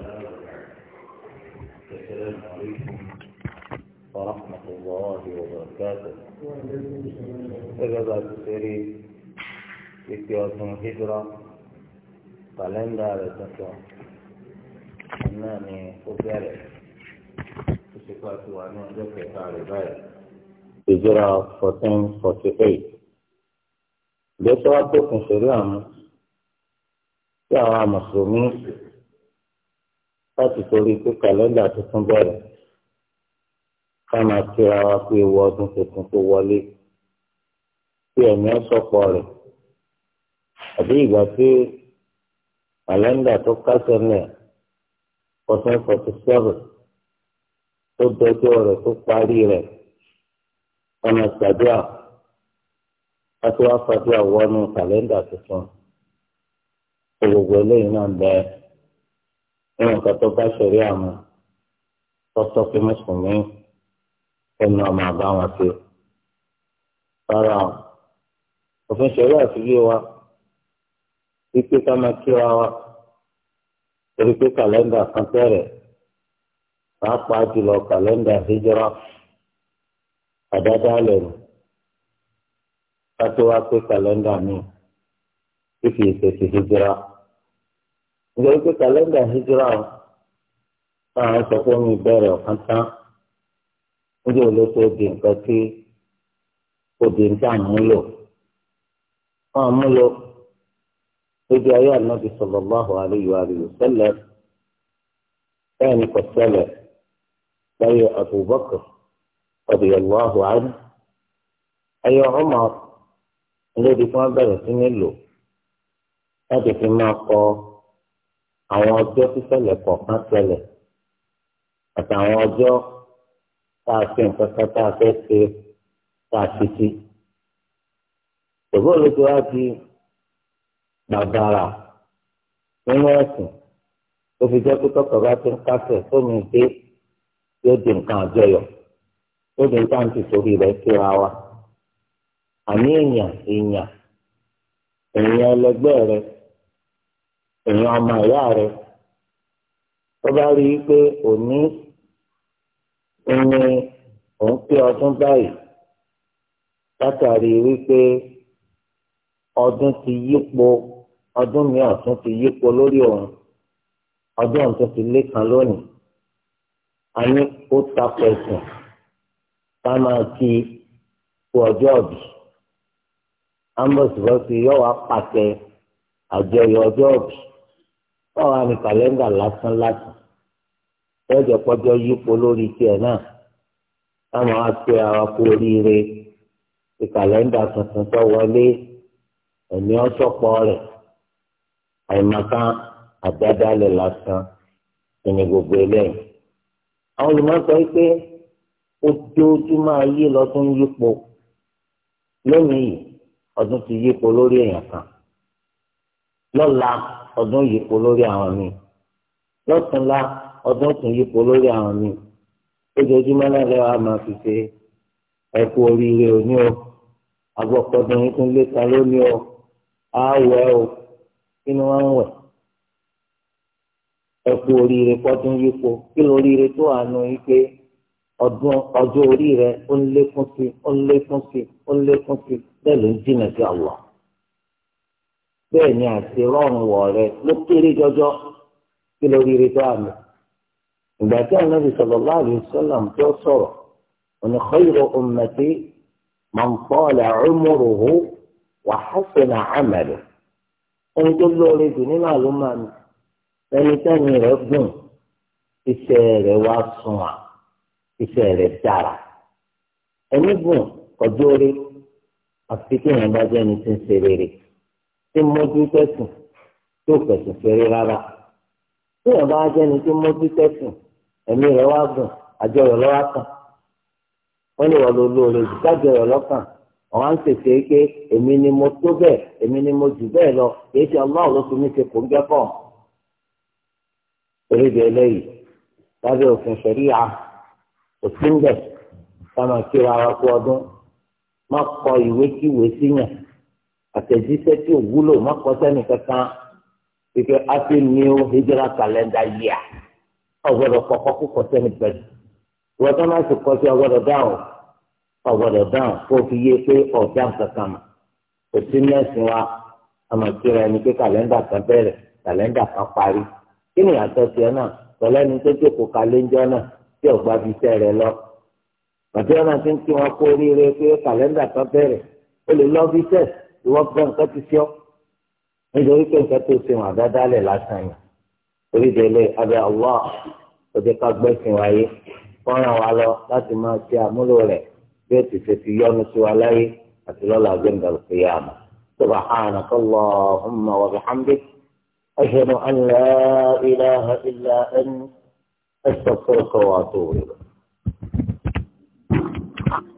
السلام عليكم ورحمة الله وبركاته إذا إجابة السري إتياض هجرة قلن على الزكاة أنني أبرع صفات وأنا ذكرت على ذلك هجرة 1448 بيتوا أبوكم شريعة يا مسلمين láti torí pé kàlẹ́ndà tuntun bẹ̀rẹ̀ ká máa kíra wa pé ewu ọdún tuntun tó wọlé pé ẹ̀mí ọ̀sọ̀pọ̀ rẹ̀ àbí ìgbà tí kàlẹ́ndà tó kásẹ̀ náà fourteen forty seven tó dọjọ́ rẹ̀ tó parí rẹ̀ ọ̀nà gbàdúrà láti wá fàdúrà wọnú kàlẹ́ndà tuntun gbogbo eléyìí náà bẹ́ẹ̀ lẹ́yìn nǹkan tó bá ṣẹ̀rí àmọ́ tọ́tọ́ pé mùsùlùmí ẹnu ọmọ àbá wọn ṣe rárá o òfin ṣẹ̀rí àtúnyẹ wa wípé ká máa kíra wa torí pé kàlẹ́ndà kan tẹ̀rẹ̀ pàápàá jùlọ kàlẹ́ndà hijra àdáda lẹ́nu ká tó wá pé kàlẹ́ndà mi fífi ìṣèṣì hijra. nítorí pé kàlẹ́ndà hijira àwọn sọ pé omi ìbẹ̀rẹ̀ ọ̀kan tán níjẹ́ olóṣù di nǹkan tí òdì ń tà wọn múlò lójú ayé ànábi sallallahu alaihi wa alihi bẹ́ẹ̀ ni kò bẹ̀rẹ̀ sí nílò àwọn ọjọ́ sísẹ̀lẹ̀ kọ̀ọ̀kan ṣẹlẹ̀ àtàwọn ọjọ́ tá a ṣe nǹkan kan tá a fẹ́ ṣe tá a ṣe sí. òbóòlù tó wá di gbàgbára nínú ẹ̀sìn tó fi jẹ́ kótó kọ̀ọ̀kan tó ń kásẹ̀ fóònù dé yóò di nǹkan àjọyọ̀ yóò di nǹkan àti sórí rẹ̀ síra wa. àní èèyàn èèyàn èèyàn ẹlẹgbẹ́ rẹ̀ èèyàn ọmọ ìyá rẹ tó bá rí i pé òní ní òun pé ọdún báyìí látàrí wípé ọdún ti yípo ọdún mi ọ̀tún ti yípo lórí òun ọdún ọ̀tún ti lé kan lónìí a ó takò ẹ̀sìn ká máa kí kú ọjọ́ ọ̀bì ambos bọ́sì yóò wá pàṣẹ àjọyọ̀ ọjọ́ ọ̀bì báwo ni kàlẹ́ndà lásán láti lọ́jọ́ pọ́jọ́ yípo lórí tiẹ̀ náà táwọn á pe ara kú oríire ti kàlẹ́ndà tuntun tó wọlé ẹ̀mí ọ̀sọ̀pọ̀ rẹ̀ àìmọ̀kan àdádálẹ̀ lásán ìní gbogbo eléyìí. àwọn olùmọ̀sọ yìí pé ojoojúmọ́ ayé lọ́tún yípo lónìí ọdún ti yípo lórí èèyàn kan lọ́la ọdún yípo lórí àwọn míì lọ́túnla ọdún tún yípo lórí àwọn míì ojoojúmọ́ náà lẹ́wọ̀ á máa fi ṣe ẹ̀kú oríire òní o agbọ́pọ̀dún yín tún léta lónìí o á wẹ̀ o kí ni wọ́n ń wẹ̀ ẹ̀kú oríire pọ́dún yípo kí lóríire tó àánú yín pé ọdún ọjọ́ orí rẹ̀ ó ń lékún sí ó ń lékún sí ó ń lékún sí bẹ́ẹ̀ ló ń jìnà sí Allah bẹ́ẹ̀ ni àti rọrùn wọ̀ rẹ ló kéré jọjọ kí ló rí rí tó àmì. ìgbà tí ànábì sallallahu alaihi wasallam tó sọ̀rọ̀ òní khayru ummati man tala umruhu wa hasuna amaluhu. ẹni tó lóore jù nínú àlùmọ́ mi ẹni tẹ́ni rẹ̀ gùn iṣẹ́ rẹ̀ wá sùn à iṣẹ́ rẹ̀ dára. ẹni gùn ọjọ́ rí àfi kí bá jẹ́ ẹni tí ń ṣe rere. tí mójú tẹ̀sùn tó fẹ̀sùn fẹ́rẹ́ rárá tí ìyàbá ajẹ́ni tí mójú tẹ̀sùn ẹ̀mí rẹ̀ wá gùn àjọyọ̀ lọ́wọ́ kan wọ́n lè jù lọ́kàn ń ni mo tó bẹ́ẹ̀ ni mo jù lọ kìí ṣe ṣe kò ń jẹ́ pọ̀ oríṣi eléyìí lábẹ́ òfin òsínbẹ̀ ká máa àtẹ̀jíṣẹ́ tí ò wúlò má kọ sẹ́ni kankan pípẹ́ happy new hijra calendar year ọ̀gbọ́dọ̀ kọ́kọ́ kó kọ sẹ́ni pẹ̀lú wọ́n tán láti kọ́ sí ọgbọ́dọ̀ dáhùn ọgbọ́dọ̀ dáhùn kó fi yé pé ọ̀dà kankan mà kò sí mẹ́sìn wa àmọ̀tíra ẹni pé kàlẹ́ndà kan bẹ̀rẹ̀ kàlẹ́ndà kan parí kí ni àtọ́sí ẹ náà tọ́lẹ́ni tó jókòó kalẹ́ńjọ́ náà tí ọ̀gbá fi tẹ́ rẹ lọ màtíra náà ti ń kí wọn kó oríire pé kàlẹ́ndà kan bẹ̀rẹ̀ ó lè lọ́ fi tẹ́sí ìwọ gbọ́ nǹkan ti fi ọ́ nítorí pé nǹkan tó ṣe wọn àdádálẹ̀ lásán yìí oríṣi ilé abẹ́ àwọ̀ òde ká gbẹ́sìn wáyé fọ́nrán wa lọ láti máa ṣe àmúlò rẹ̀ bí ó ti ṣe ti yọnu sí wa láyé àti lọ́la gbẹ̀ngà al-qiyāmah subhanaka Allahumma wa bihamdik ashhadu an la ilaha illa anta astaghfiruka wa atubu ilayk.